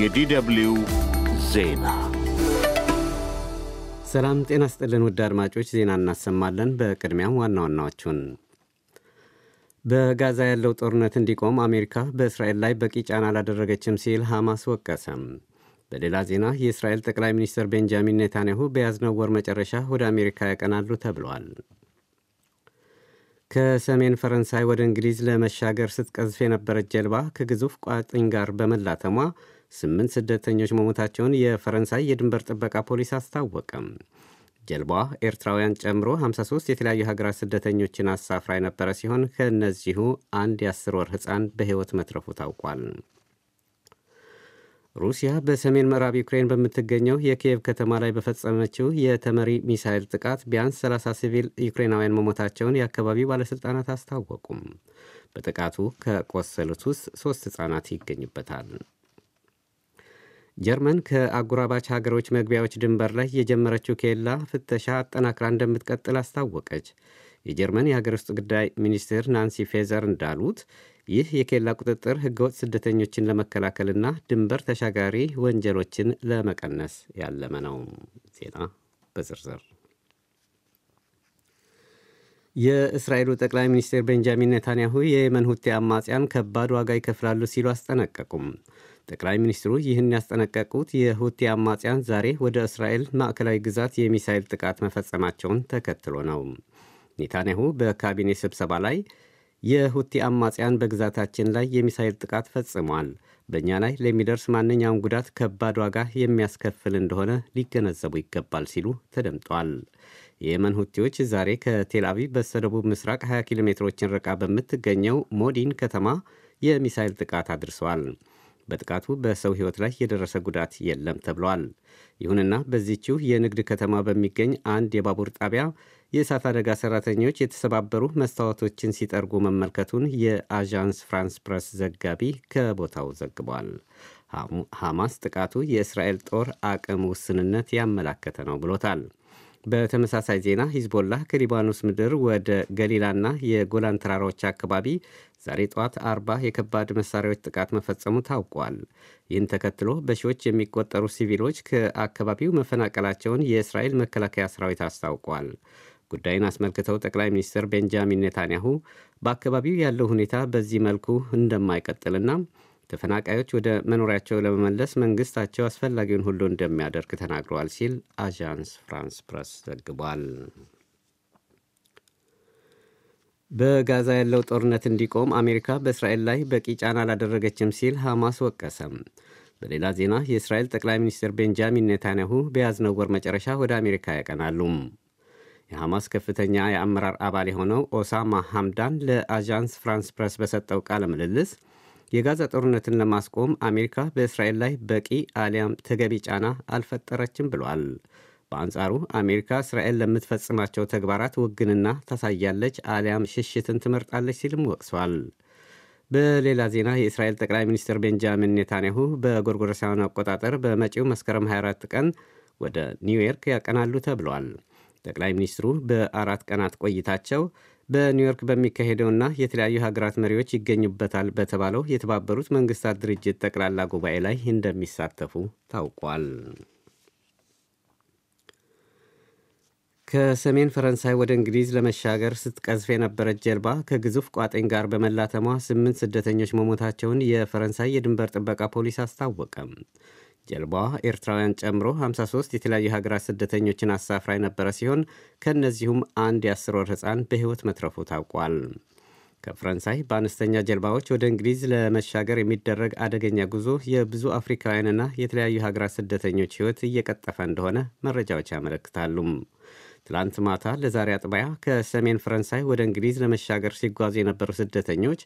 የዲደብልዩ ዜና ሰላም ጤና ስጥልን ውድ አድማጮች፣ ዜና እናሰማለን። በቅድሚያም ዋና ዋናዎቹን በጋዛ ያለው ጦርነት እንዲቆም አሜሪካ በእስራኤል ላይ በቂ ጫና አላደረገችም ሲል ሐማስ ወቀሰም። በሌላ ዜና የእስራኤል ጠቅላይ ሚኒስትር ቤንጃሚን ኔታንያሁ በያዝነው ወር መጨረሻ ወደ አሜሪካ ያቀናሉ ተብሏል። ከሰሜን ፈረንሳይ ወደ እንግሊዝ ለመሻገር ስትቀዝፍ የነበረች ጀልባ ከግዙፍ ቋጥኝ ጋር በመላተሟ ስምንት ስደተኞች መሞታቸውን የፈረንሳይ የድንበር ጥበቃ ፖሊስ አስታወቀም። ጀልባዋ ኤርትራውያን ጨምሮ 53 የተለያዩ ሀገራት ስደተኞችን አሳፍራ የነበረ ሲሆን ከእነዚሁ አንድ የአስር ወር ሕፃን በሕይወት መትረፉ ታውቋል። ሩሲያ በሰሜን ምዕራብ ዩክሬን በምትገኘው የኪየቭ ከተማ ላይ በፈጸመችው የተመሪ ሚሳይል ጥቃት ቢያንስ 30 ሲቪል ዩክሬናውያን መሞታቸውን የአካባቢው ባለሥልጣናት አስታወቁም። በጥቃቱ ከቆሰሉት ውስጥ ሦስት ሕፃናት ይገኙበታል። ጀርመን ከአጎራባች ሀገሮች መግቢያዎች ድንበር ላይ የጀመረችው ኬላ ፍተሻ አጠናክራ እንደምትቀጥል አስታወቀች። የጀርመን የሀገር ውስጥ ጉዳይ ሚኒስትር ናንሲ ፌዘር እንዳሉት ይህ የኬላ ቁጥጥር ህገወጥ ስደተኞችን ለመከላከልና ድንበር ተሻጋሪ ወንጀሎችን ለመቀነስ ያለመ ነው። ዜና በዝርዝር የእስራኤሉ ጠቅላይ ሚኒስትር ቤንጃሚን ኔታንያሁ የየመን ሁቴ አማጽያን ከባድ ዋጋ ይከፍላሉ ሲሉ አስጠነቀቁም። ጠቅላይ ሚኒስትሩ ይህን ያስጠነቀቁት የሁቲ አማጽያን ዛሬ ወደ እስራኤል ማዕከላዊ ግዛት የሚሳይል ጥቃት መፈጸማቸውን ተከትሎ ነው። ኔታንያሁ በካቢኔ ስብሰባ ላይ የሁቲ አማጽያን በግዛታችን ላይ የሚሳይል ጥቃት ፈጽሟል፣ በእኛ ላይ ለሚደርስ ማንኛውም ጉዳት ከባድ ዋጋ የሚያስከፍል እንደሆነ ሊገነዘቡ ይገባል ሲሉ ተደምጧል። የየመን ሁቲዎች ዛሬ ከቴል በስተደቡብ ምስራቅ 20 ኪሎ ሜትሮችን ርቃ በምትገኘው ሞዲን ከተማ የሚሳይል ጥቃት አድርሰዋል። በጥቃቱ በሰው ሕይወት ላይ የደረሰ ጉዳት የለም ተብሏል። ይሁንና በዚችው የንግድ ከተማ በሚገኝ አንድ የባቡር ጣቢያ የእሳት አደጋ ሰራተኞች የተሰባበሩ መስታወቶችን ሲጠርጉ መመልከቱን የአዣንስ ፍራንስ ፕረስ ዘጋቢ ከቦታው ዘግቧል። ሐማስ ጥቃቱ የእስራኤል ጦር አቅም ውስንነት ያመላከተ ነው ብሎታል። በተመሳሳይ ዜና ሂዝቦላ ከሊባኖስ ምድር ወደ ገሊላና የጎላን ተራራዎች አካባቢ ዛሬ ጠዋት አርባ የከባድ መሳሪያዎች ጥቃት መፈጸሙ ታውቋል። ይህን ተከትሎ በሺዎች የሚቆጠሩ ሲቪሎች ከአካባቢው መፈናቀላቸውን የእስራኤል መከላከያ ሰራዊት አስታውቋል። ጉዳይን አስመልክተው ጠቅላይ ሚኒስትር ቤንጃሚን ኔታንያሁ በአካባቢው ያለው ሁኔታ በዚህ መልኩ እንደማይቀጥልና ተፈናቃዮች ወደ መኖሪያቸው ለመመለስ መንግስታቸው አስፈላጊውን ሁሉ እንደሚያደርግ ተናግረዋል ሲል አዣንስ ፍራንስ ፕረስ ዘግቧል። በጋዛ ያለው ጦርነት እንዲቆም አሜሪካ በእስራኤል ላይ በቂ ጫና አላደረገችም ሲል ሐማስ ወቀሰም። በሌላ ዜና የእስራኤል ጠቅላይ ሚኒስትር ቤንጃሚን ኔታንያሁ በያዝነው ወር መጨረሻ ወደ አሜሪካ ያቀናሉ። የሐማስ ከፍተኛ የአመራር አባል የሆነው ኦሳማ ሐምዳን ለአዣንስ ፍራንስ ፕረስ በሰጠው ቃለ ምልልስ የጋዛ ጦርነትን ለማስቆም አሜሪካ በእስራኤል ላይ በቂ አሊያም ተገቢ ጫና አልፈጠረችም ብሏል። በአንጻሩ አሜሪካ እስራኤል ለምትፈጽማቸው ተግባራት ውግንና ታሳያለች አሊያም ሽሽትን ትመርጣለች ሲልም ወቅሷል። በሌላ ዜና የእስራኤል ጠቅላይ ሚኒስትር ቤንጃሚን ኔታንያሁ በጎርጎሮሳውያን አቆጣጠር በመጪው መስከረም 24 ቀን ወደ ኒውዮርክ ያቀናሉ ተብሏል። ጠቅላይ ሚኒስትሩ በአራት ቀናት ቆይታቸው በኒውዮርክ በሚካሄደውና የተለያዩ ሀገራት መሪዎች ይገኙበታል በተባለው የተባበሩት መንግስታት ድርጅት ጠቅላላ ጉባኤ ላይ እንደሚሳተፉ ታውቋል። ከሰሜን ፈረንሳይ ወደ እንግሊዝ ለመሻገር ስትቀዝፍ የነበረች ጀልባ ከግዙፍ ቋጥኝ ጋር በመላተሟ ስምንት ስደተኞች መሞታቸውን የፈረንሳይ የድንበር ጥበቃ ፖሊስ አስታወቀም። ጀልባዋ ኤርትራውያን ጨምሮ 53 የተለያዩ ሀገራት ስደተኞችን አሳፍራ የነበረ ሲሆን ከእነዚሁም አንድ የአስር ወር ሕፃን በሕይወት መትረፉ ታውቋል። ከፈረንሳይ በአነስተኛ ጀልባዎች ወደ እንግሊዝ ለመሻገር የሚደረግ አደገኛ ጉዞ የብዙ አፍሪካውያንና የተለያዩ ሀገራት ስደተኞች ሕይወት እየቀጠፈ እንደሆነ መረጃዎች ያመለክታሉ። ትላንት ማታ ለዛሬ አጥባያ ከሰሜን ፈረንሳይ ወደ እንግሊዝ ለመሻገር ሲጓዙ የነበሩ ስደተኞች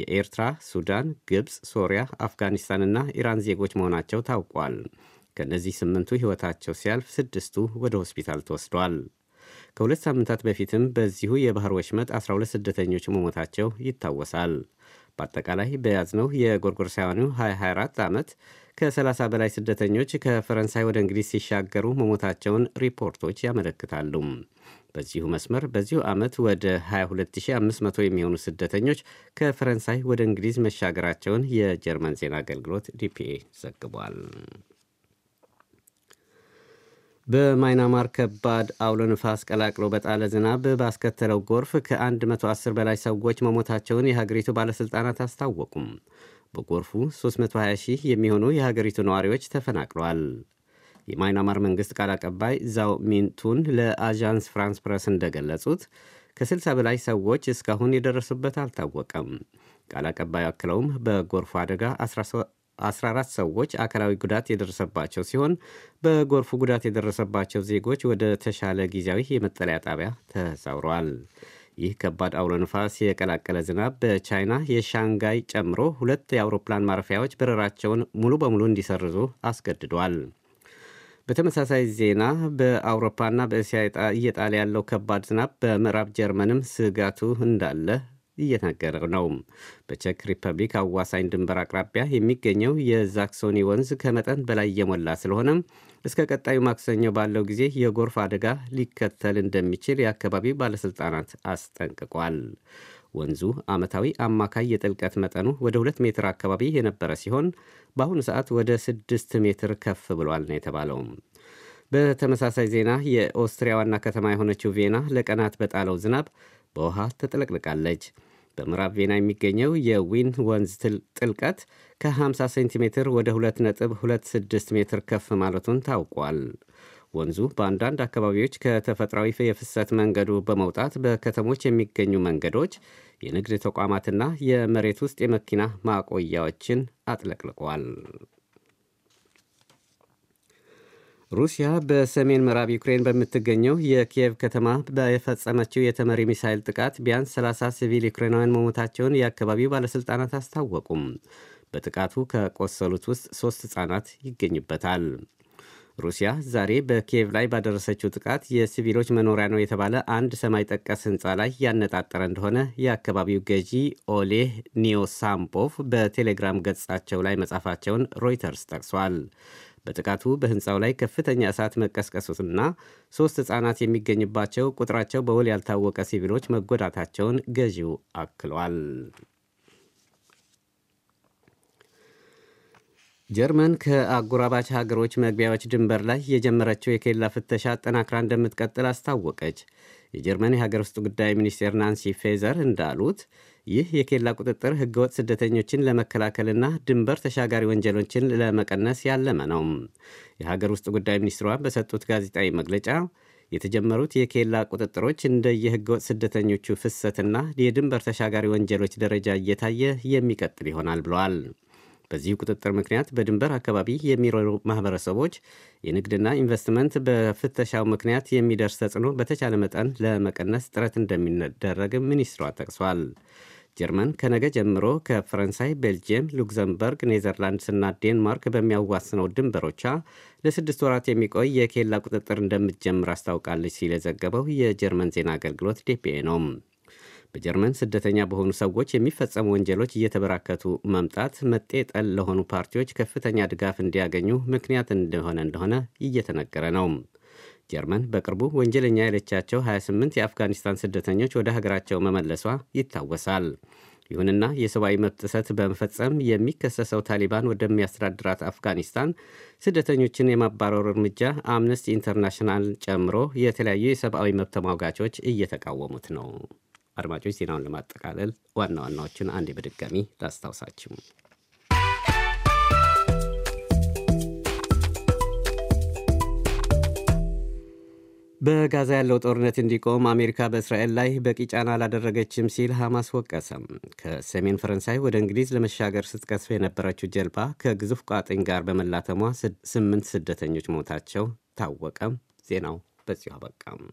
የኤርትራ፣ ሱዳን፣ ግብፅ፣ ሶሪያ፣ አፍጋኒስታንና ኢራን ዜጎች መሆናቸው ታውቋል። ከእነዚህ ስምንቱ ሕይወታቸው ሲያልፍ ስድስቱ ወደ ሆስፒታል ተወስዷል። ከሁለት ሳምንታት በፊትም በዚሁ የባህር ወሽመጥ 12 ስደተኞች መሞታቸው ይታወሳል። በአጠቃላይ በያዝነው የጎርጎርሳውያኑ 224 ዓመት ከ30 በላይ ስደተኞች ከፈረንሳይ ወደ እንግሊዝ ሲሻገሩ መሞታቸውን ሪፖርቶች ያመለክታሉ። በዚሁ መስመር በዚሁ ዓመት ወደ 22500 የሚሆኑ ስደተኞች ከፈረንሳይ ወደ እንግሊዝ መሻገራቸውን የጀርመን ዜና አገልግሎት ዲፒኤ ዘግቧል። በማይናማር ከባድ አውሎ ንፋስ ቀላቅሎ በጣለ ዝናብ ባስከተለው ጎርፍ ከ110 በላይ ሰዎች መሞታቸውን የሀገሪቱ ባለሥልጣናት አስታወቁም። በጎርፉ 320 ሺህ የሚሆኑ የሀገሪቱ ነዋሪዎች ተፈናቅለዋል። የማይናማር መንግሥት ቃል አቀባይ ዛው ሚንቱን ለአዣንስ ፍራንስ ፕረስ እንደገለጹት ከ60 በላይ ሰዎች እስካሁን የደረሱበት አልታወቀም። ቃል አቀባዩ አክለውም በጎርፉ አደጋ 14 ሰዎች አካላዊ ጉዳት የደረሰባቸው ሲሆን በጎርፉ ጉዳት የደረሰባቸው ዜጎች ወደ ተሻለ ጊዜያዊ የመጠለያ ጣቢያ ተዛውረዋል። ይህ ከባድ አውሎ ነፋስ የቀላቀለ ዝናብ በቻይና የሻንጋይ ጨምሮ ሁለት የአውሮፕላን ማረፊያዎች በረራቸውን ሙሉ በሙሉ እንዲሰርዙ አስገድዷል። በተመሳሳይ ዜና በአውሮፓና በእስያ እየጣለ ያለው ከባድ ዝናብ በምዕራብ ጀርመንም ስጋቱ እንዳለ እየተነገረ ነው። በቼክ ሪፐብሊክ አዋሳኝ ድንበር አቅራቢያ የሚገኘው የዛክሶኒ ወንዝ ከመጠን በላይ እየሞላ ስለሆነም እስከ ቀጣዩ ማክሰኞ ባለው ጊዜ የጎርፍ አደጋ ሊከተል እንደሚችል የአካባቢው ባለሥልጣናት አስጠንቅቋል። ወንዙ ዓመታዊ አማካይ የጥልቀት መጠኑ ወደ ሁለት ሜትር አካባቢ የነበረ ሲሆን በአሁኑ ሰዓት ወደ ስድስት ሜትር ከፍ ብሏል ነው የተባለው። በተመሳሳይ ዜና የኦስትሪያ ዋና ከተማ የሆነችው ቬና ለቀናት በጣለው ዝናብ በውሃ ተጥለቅልቃለች። በምዕራብ ቬና የሚገኘው የዊን ወንዝ ጥልቀት ከ50 ሴንቲሜትር ወደ 2.26 ሜትር ከፍ ማለቱን ታውቋል። ወንዙ በአንዳንድ አካባቢዎች ከተፈጥሯዊ የፍሰት መንገዱ በመውጣት በከተሞች የሚገኙ መንገዶች፣ የንግድ ተቋማትና የመሬት ውስጥ የመኪና ማቆያዎችን አጥለቅልቋል። ሩሲያ በሰሜን ምዕራብ ዩክሬን በምትገኘው የኪየቭ ከተማ በፈጸመችው የተመሪ ሚሳይል ጥቃት ቢያንስ 30 ሲቪል ዩክሬናውያን መሞታቸውን የአካባቢው ባለሥልጣናት አስታወቁም። በጥቃቱ ከቆሰሉት ውስጥ ሦስት ሕፃናት ይገኙበታል። ሩሲያ ዛሬ በኪየቭ ላይ ባደረሰችው ጥቃት የሲቪሎች መኖሪያ ነው የተባለ አንድ ሰማይ ጠቀስ ሕንፃ ላይ ያነጣጠረ እንደሆነ የአካባቢው ገዢ ኦሌህ ኒዮሳምፖቭ በቴሌግራም ገጻቸው ላይ መጻፋቸውን ሮይተርስ ጠቅሷል። በጥቃቱ በህንፃው ላይ ከፍተኛ እሳት መቀስቀሱና ሦስት ሕፃናት የሚገኝባቸው ቁጥራቸው በውል ያልታወቀ ሲቪሎች መጎዳታቸውን ገዢው አክሏል። ጀርመን ከአጎራባች ሀገሮች መግቢያዎች ድንበር ላይ የጀመረችው የኬላ ፍተሻ ጠናክራ እንደምትቀጥል አስታወቀች። የጀርመን የሀገር ውስጥ ጉዳይ ሚኒስቴር ናንሲ ፌዘር እንዳሉት ይህ የኬላ ቁጥጥር ህገወጥ ስደተኞችን ለመከላከልና ድንበር ተሻጋሪ ወንጀሎችን ለመቀነስ ያለመ ነው። የሀገር ውስጥ ጉዳይ ሚኒስትሯ በሰጡት ጋዜጣዊ መግለጫ የተጀመሩት የኬላ ቁጥጥሮች እንደ የህገወጥ ስደተኞቹ ፍሰትና የድንበር ተሻጋሪ ወንጀሎች ደረጃ እየታየ የሚቀጥል ይሆናል ብለዋል። በዚህ ቁጥጥር ምክንያት በድንበር አካባቢ የሚኖሩ ማህበረሰቦች የንግድና ኢንቨስትመንት በፍተሻው ምክንያት የሚደርስ ተጽዕኖ በተቻለ መጠን ለመቀነስ ጥረት እንደሚደረግ ሚኒስትሯ ጠቅሷል። ጀርመን ከነገ ጀምሮ ከፈረንሳይ፣ ቤልጅየም፣ ሉክዘምበርግ፣ እና ዴንማርክ በሚያዋስነው ድንበሮቿ ለስድስት ወራት የሚቆይ የኬላ ቁጥጥር እንደምትጀምር አስታውቃለች ሲል የዘገበው የጀርመን ዜና አገልግሎት ዴፒኤ ነው። በጀርመን ስደተኛ በሆኑ ሰዎች የሚፈጸሙ ወንጀሎች እየተበራከቱ መምጣት መጤጠል ለሆኑ ፓርቲዎች ከፍተኛ ድጋፍ እንዲያገኙ ምክንያት እንደሆነ እንደሆነ እየተነገረ ነው። ጀርመን በቅርቡ ወንጀለኛ ያለቻቸው 28 የአፍጋኒስታን ስደተኞች ወደ ሀገራቸው መመለሷ ይታወሳል። ይሁንና የሰብአዊ መብት ጥሰት በመፈጸም የሚከሰሰው ታሊባን ወደሚያስተዳድራት አፍጋኒስታን ስደተኞችን የማባረር እርምጃ አምነስቲ ኢንተርናሽናል ጨምሮ የተለያዩ የሰብአዊ መብት ተሟጋቾች እየተቃወሙት ነው። አድማጮች፣ ዜናውን ለማጠቃለል ዋና ዋናዎችን አንዴ በድጋሚ ላስታውሳችሁ። በጋዛ ያለው ጦርነት እንዲቆም አሜሪካ በእስራኤል ላይ በቂ ጫና አላደረገችም ሲል ሐማስ ወቀሰም። ከሰሜን ፈረንሳይ ወደ እንግሊዝ ለመሻገር ስትቀስፍ የነበረችው ጀልባ ከግዙፍ ቋጥኝ ጋር በመላተሟ ስምንት ስደተኞች ሞታቸው ታወቀም። ዜናው በዚሁ አበቃም።